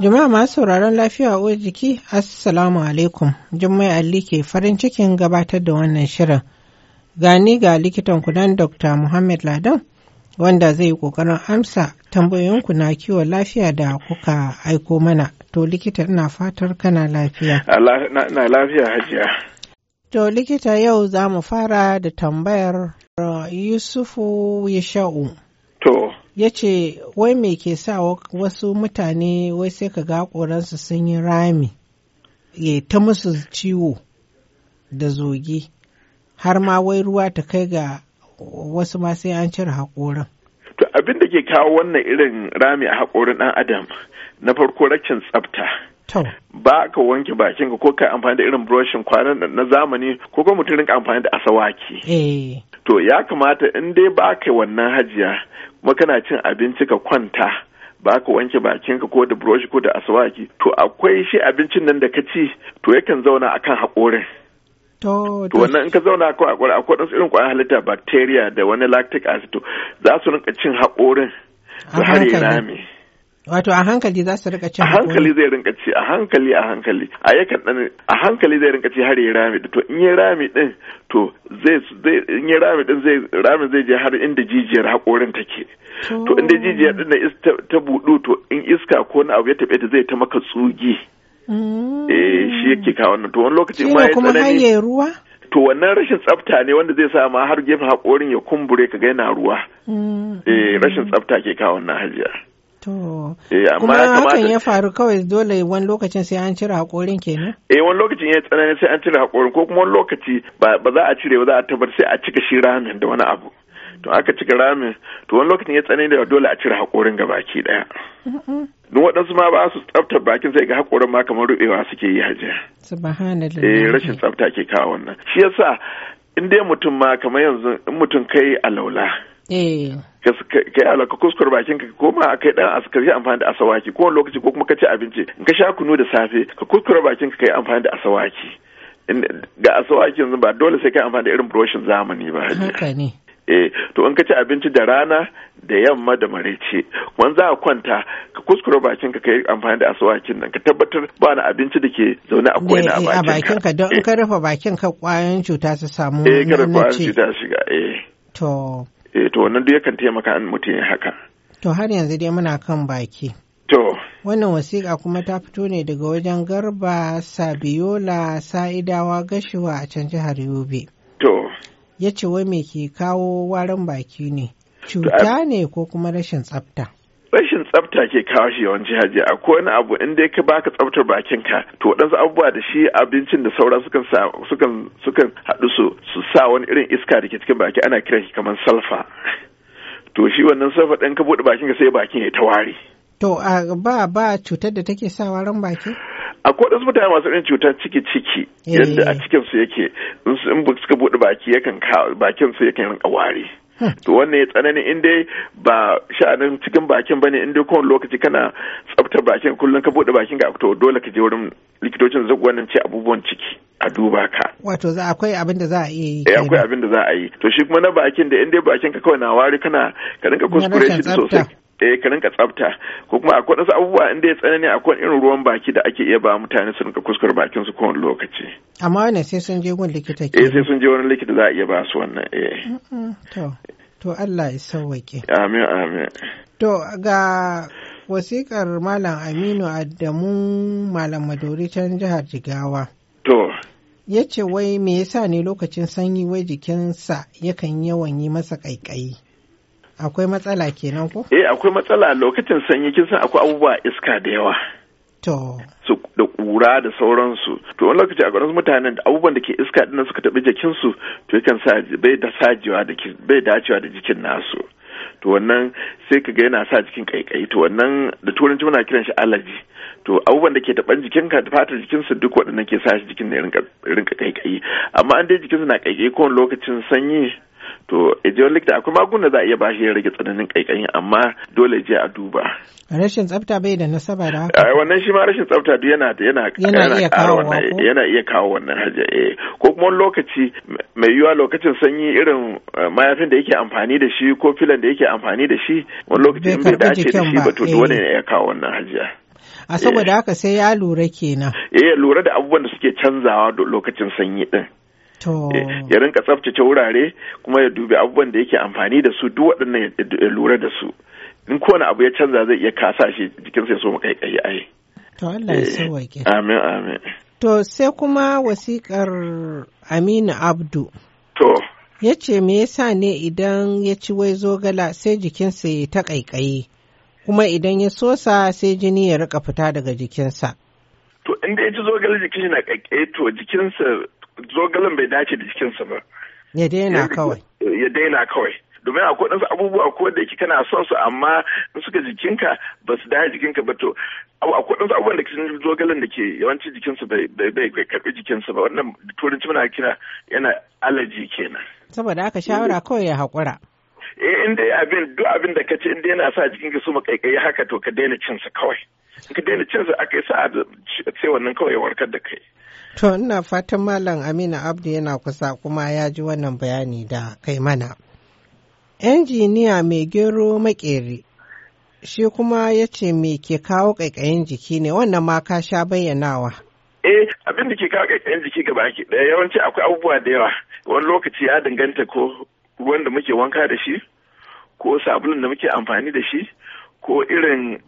Jama'a masu sauraron lafiya uwar jiki, Assalamu alaikum. Jummai Ali ke farin cikin gabatar da wannan shirin. Gani ga likitan kudan Dr. Muhammad Ladan wanda zai yi ƙoƙarin amsa tambayoyinku na kiwon lafiya da kuka aiko mana. To likita ina fatar kana lafiya. Na lafiya hajiya. To likita yau za mu fara da tambayar uh, Yusufu Yasha'u. ya ce wai me ke sa wasu mutane wai sai ka ga sun yi rami ya ta musu ciwo da zogi har ma wai ruwa ta kai ga wasu ma sai an cire haƙoran. abin da ke kawo wannan irin rami a haƙorin ɗan adam na farko rakin tsafta. ba ka wanke bakin ka ko ka amfani da irin brushin kwanan na zamani ko kuma mutum rinka amfani da asawaki eh. to ya kamata in dai ba ka wannan hajiya kuma kana cin abinci ka kwanta ba ka wanke bakinka ko da buroshi ko da asawaki to akwai shi abincin nan da ka ci to yakan zauna akan haƙorin To wannan in ka zauna ko kwara akwai irin ƙwayar halitta bacteria da wani lactic acid za su rinka cin haƙorin to har ya rame. Wato a hankali za su rika ci. A hankali zai rinka ci a hankali a hankali a yakan dan a hankali zai rinka ci har ya rami to in ya rami din to zai in ya rami din zai rami zai je har inda jijiyar hakorin take. To inda jijiyar din ta budu to in iska ko na abu ya taɓe ta zai ta maka tsugi. Mm. Eh shi yake kawo wannan to wani lokaci ma ya tsanani. Shi ruwa? to wannan rashin tsafta ne wanda zai sa ma har gefen haƙorin ya kumbure ka ga yana ruwa. Mm. Eh rashin tsafta ke kawo wannan hajiya. To, eh, kuma hakan ya faru kawai dole wani lokacin sai an cire haƙorin kenan? Eh wani lokacin ya tsanani sai an cire haƙorin ko kuma wani lokaci ba za a cire ba za a tabbatar sai a cika shi ramin da wani abu. to aka cika ramin to wani lokacin ya tsanani da dole a cire haƙorin ga baki ɗaya. Don waɗansu ma ba su tsafta bakin sai ga haƙorin ma kamar ruɓewa suke yi haje. Subhanallah. Eh rashin tsafta ke kawo wannan. Shi yasa in dai mutum ma kamar yanzu in mutum kai alaula. Eh. ka yi alaka kuskur bakin ka koma a kai dan ka yi amfani da asawaki ko lokaci ko kuma ka ci abinci in ka sha kunu da safe ka kuskura bakin ka yi amfani da asawaki ga asawaki yanzu ba dole sai ka amfani da irin broshin zamani ba haka ne eh to in ka ci abinci da rana da yamma da maraice wani za a kwanta ka kuskura bakin ka kai amfani da asawakin nan ka tabbatar ba na abinci da ke zaune a koina a eh, eh, bakin ka don in ka rufe bakin ka kwayoyin cuta su samu eh ka rufe kwayoyin cuta shiga eh to eh to wannan duk yakan taimaka an mutum ya haka to har yanzu dai muna kan baki to wannan wasiƙa kuma ta fito ne daga wajen garba sabiola sa'idawa gashiwa a can jihar yobe to ya ce wai me ke kawo warin baki ne cuta ne ko kuma rashin tsafta rashin tsafta ke kawo shi yawanci a ko wani abu in dai ka baka tsaftar bakin ka to waɗansu abubuwa da shi abincin da sauran sukan sukan sukan haɗu su su sa wani irin iska da ke cikin baki ana kiran shi kamar salfa to shi wannan salfa ɗin ka buɗe bakin ka sai bakin ya ta ware to a ba ba cutar da take sa warin baki akwai wasu mutane masu irin cutar ciki ciki yadda a eh. cikin su yake in suka buɗe baki yakan bakin su yakan rinka ware to wannan ya tsanani in dai ba sha'anin cikin bakin bane in dai kowane lokaci kana tsaftar bakin kullum ka bude bakin ka to dole ka je wurin likitocin wannan ce abubuwan ciki a duba ka wato za akwai abin da za a iya yi eh, akwai abin da za a yi to shi kuma na bakin da in dai bakin ka kawai na wari kana ka rinka kuskure shi sosai eh ka rinka tsafta ko kuma akwai wasu abubuwa inda ya tsanani akwai irin ruwan baki da ake iya ba mutane su rinka kuskure bakin su kowane lokaci amma wannan sai sun je wani likita ke. eh sai sun je wani likita za a iya ba su wannan eh To Allah ya sauwake. Amin amin. To ga wasiƙar Malam Aminu Adamu Malam Madori can jihar Jigawa. To. Ya ce wai me yasa ne lokacin sanyi wai jikinsa yakan yawan yi masa ƙaiƙayi. Akwai matsala kenan ko? Eh akwai matsala lokacin sanyi kin san akwai abubuwa iska da yawa. To. So da ƙura da sauransu to wani lokaci a gwaransu mutanen abubuwan da ke iska ɗin suka taɓi jikinsu to yakan sa bai da sajewa da bai dacewa da jikin nasu to wannan sai ka ga yana sa jikin kaikai to wannan da turanci muna kiran shi allergy to abubuwan da ke taban ka da fatar su duk waɗannan ke sa shi jikin ne rinka kaikai amma an dai jikinsu na kaikai kowane lokacin sanyi to ejiyar da akwai magunguna za a iya bashi ya rage tsananin kaikayi amma dole je a duba rashin tsafta bai da nasaba da haka eh, wannan shi ma rashin tsafta duk yana yana yana iya kawo wannan haja eh ko kuma wani lokaci mai yiwuwa lokacin sanyi irin eh, mayafin da yake amfani da shi ko filan da yake amfani da shi wani lokaci in bai dace da shi ba to dole ne eh. ya kawo wannan hajiya a saboda haka sai ya lura kenan eh lura da abubuwan da suke canzawa lokacin sanyi din Eh, ya rinka tsaftace wurare kuma ya dubi abubuwan da yake amfani da su duk waɗannan ya lura da su in kowane abu ya canza zai iya kasa shi jikinsa ya so kai ai to Allah ya eh, sauwaƙe amin amin to sai kuma wasiƙar Aminu Abdu to ya me yasa ne idan ya ci wai zogala sai jikinsa ya ta ƙaiƙayi kuma idan ya sosa sai jini ya rika fita daga jikinsa to inda ya ci zogala jikin na ƙaiƙayi to jikinsa zogalen bai dace da jikinsa ba ya daina kawai ya daina kawai domin akwai ɗansu abubuwa ko da yake kana son su amma in suka jikinka ba su dace jikinka ba to akwai ɗansu abubuwan da cikin zogalen da ke yawanci jikinsu bai karɓi jikinsu ba wannan turanci muna kira yana alaji kenan saboda aka shawara kawai ya haƙura eh in dai abin duk abin da kace in dai yana sa jikin ka su kaikai haka to ka daina cin su kawai in ka daina cin sa aka yi sa'a sai wannan kawai warkar da kai to ina fatan malam Aminu Abdu yana kusa kuma ya ji wannan bayani da kai mana injiniya mai gero makere shi kuma ya ce me ke kawo ƙaiƙayin jiki ne wannan ma ka sha bayyanawa. Eh abin da ke kawo ƙaiƙayin jiki gaba ɗaya yawanci akwai abubuwa da yawa wani lokaci ya danganta ko ruwan da muke wanka da shi ko sabulun da muke amfani da shi ko irin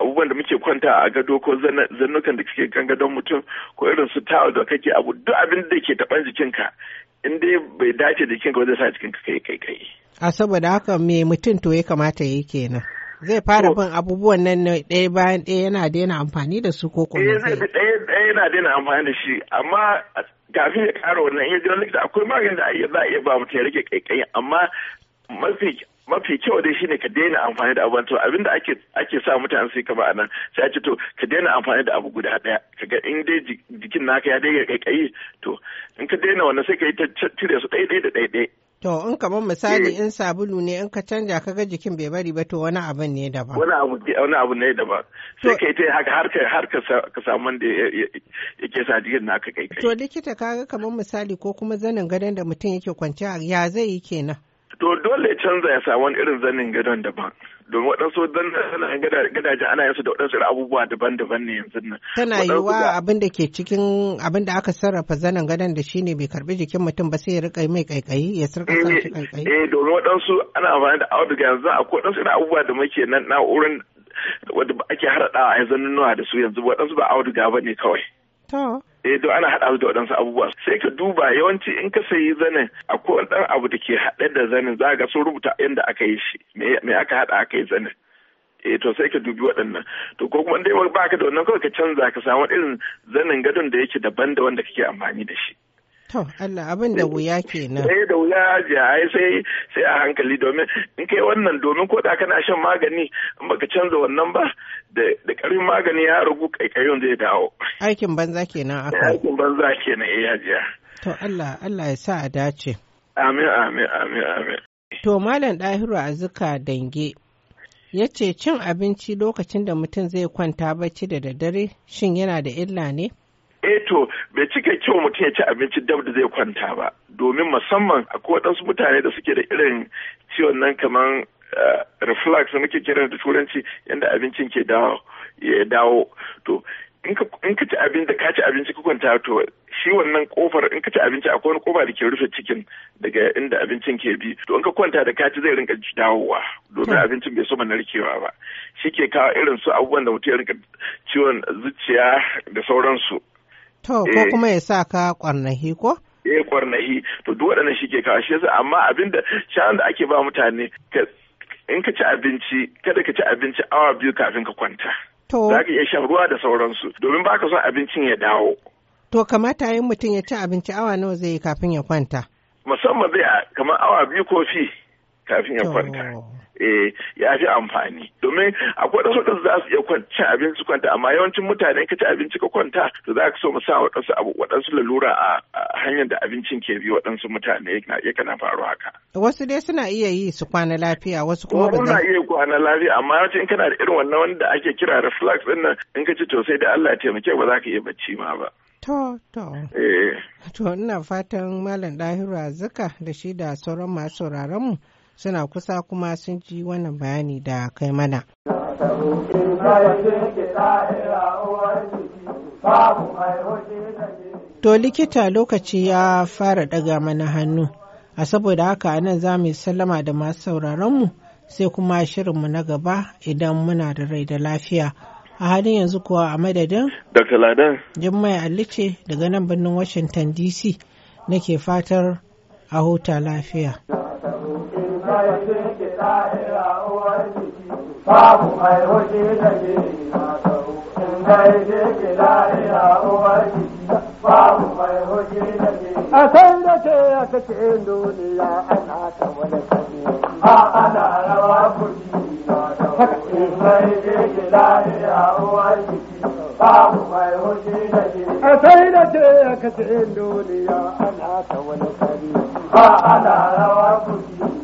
abubuwan da muke kwanta a gado ko zannukan da suke kan gadon mutum ko irin su tawa da kake abu duk abin da ke taban jikinka in dai bai dace jikinka wajen zai sa jikinka kai kai kai a saboda haka me mutum to ya kamata yi kenan zai fara bin abubuwan nan ne ɗaya bayan ɗaya yana daina amfani da su ko kuma eh, zai bi ɗaya ɗaya yana daina amfani da shi amma kafin ya ƙara wannan in jiran likita akwai magani da za a iya ba mutum ya rage ƙaiƙayi amma mafi mafi kyau dai shine ka daina amfani da abubuwan to abinda ake ake sa mutane su kama anan sai a ce to ka daina amfani da abu guda daya kaga in dai jikin naka ya daina ƙaiƙayi to in ka daina wannan sai ka yi ta cire su ɗaya ɗaya da ɗaya ɗaya To in kamar misali eh. in sabulu ne in ka canja ka ga jikin bai bari ba to wani abin ne daban. Wani abu wani abu ne daban. Sai kai ta haka har har ka samu wanda yake sa jikin naka kai kai. To likita kaga kamar misali ko kuma zanin gadon da mutum yake kwanciya ya zai yi kenan. to dole ya canza ya samu wani irin zanin gadon daban domin waɗansu zanen gadaje ana yin su da waɗansu abubuwa daban-daban ne yanzu nan. Tana wa abin da ke cikin abin da aka sarrafa zanen gadon da shine bai karbi jikin mutum ba sai ya rika mai kaikayi ya sarka sa eh, shi kaikayi. Eh domin waɗansu ana amfani da auduga yanzu akwai waɗansu irin abubuwa da muke nan na'urar wadda ake harhaɗawa a yanzu nuna da su yanzu waɗansu ba auduga ba ne kawai. To. eh don ana haɗa su da waɗansu abubuwa sai ka duba yawanci in ka sayi zanin akwai wani ɗan abu da ke haɗe da zanin za ga sun rubuta yadda aka yi shi me aka haɗa aka yi zanin eh to sai ka dubi waɗannan to ko kuma dai baka da wannan kawai ka canza ka samu irin zanin gadon da yake daban da wanda kake amfani da shi To Allah abin da wuya kenan. Eh da wuya ji ai sai sai a hankali domin in kai wannan domin ko da kana shan magani in baka canza wannan ba da karin magani ya ragu kaikayon zai dawo. Aikin banza kenan aka. Aikin banza kenan ya eh, jiya. To Allah Allah ya sa a dace. Amin amin amin amin. To Malam Ɗahiru Azuka Dange ya ce cin abinci lokacin da mutum zai kwanta bacci da daddare shin yana da illa ne? eh to bai cika kyau mutum ya ci abinci dab da zai kwanta ba domin musamman akwai waɗansu mutane da suke da irin ciwon nan kamar Uh, reflux da muke kira da turanci yadda abincin ke dawo ya dawo to in ka ci abin da ka ci abinci ka kwanta to shi wannan kofar in ka ci abinci akwai wani kofa da ke rufe cikin daga inda abincin ke bi to in ka kwanta da ka ci zai rinka dawowa domin hmm. abincin bai so narkewa ba shi ke kawo irin su abubuwan da mutum ya rinka ciwon zuciya da sauransu to ko eh. kuma ya sa ka kwarnahi ko eh kwarnahi to duk waɗannan shi ke kawo shi yasa amma abin da sha'an da ake ba mutane in ka ci abinci kada ka ci abinci awa biyu kafin ka kwanta za ka iya shan ruwa da sauransu domin ba ka son abincin ya dawo to kamata yin mutum ya ci abinci awa nawa zai yi kafin ya kwanta musamman zai kamar awa biyu kofi kafin ya kwanta. Eh, ya fi amfani domin akwai wasu wadansu za su iya cin abinci su kwanta amma yawancin mutane ka ci abinci ka kwanta to za ka so mu sa wadansu abu wadansu lalura a hanyar da abincin ke bi wadansu mutane ya kana faru haka wasu dai suna iya yi su kwana lafiya wasu kuma ba suna iya kwana lafiya amma yawanci in kana da irin wannan wanda ake kira reflux din nan in ka ci to sai da Allah ya taimake ba za ka iya bacci ma ba To, to. Eh. To, ina fatan Malam Dahiru Azuka da shi da sauran masu sauraronmu mu suna kusa kuma sun ji wannan bayani da kai mana. To likita lokaci ya fara ɗaga mana hannu, a saboda haka anan za mu sallama da masu sauraronmu sai kuma shirinmu na gaba idan muna da rai da lafiya. A halin yanzu kuwa a madadin? Dr. Ladan. Jummai Alice daga nan birnin Washington DC nake fatar a huta lafiya. mai da ke mai da ke a san da ke a cikin duniya ana ta wani sani ana rawa kuɗi masaru in ke rikida a uwar jiki babu mai hoji da ke a san da ke a cikin duniya ana ta wani sani ana rawa kuɗi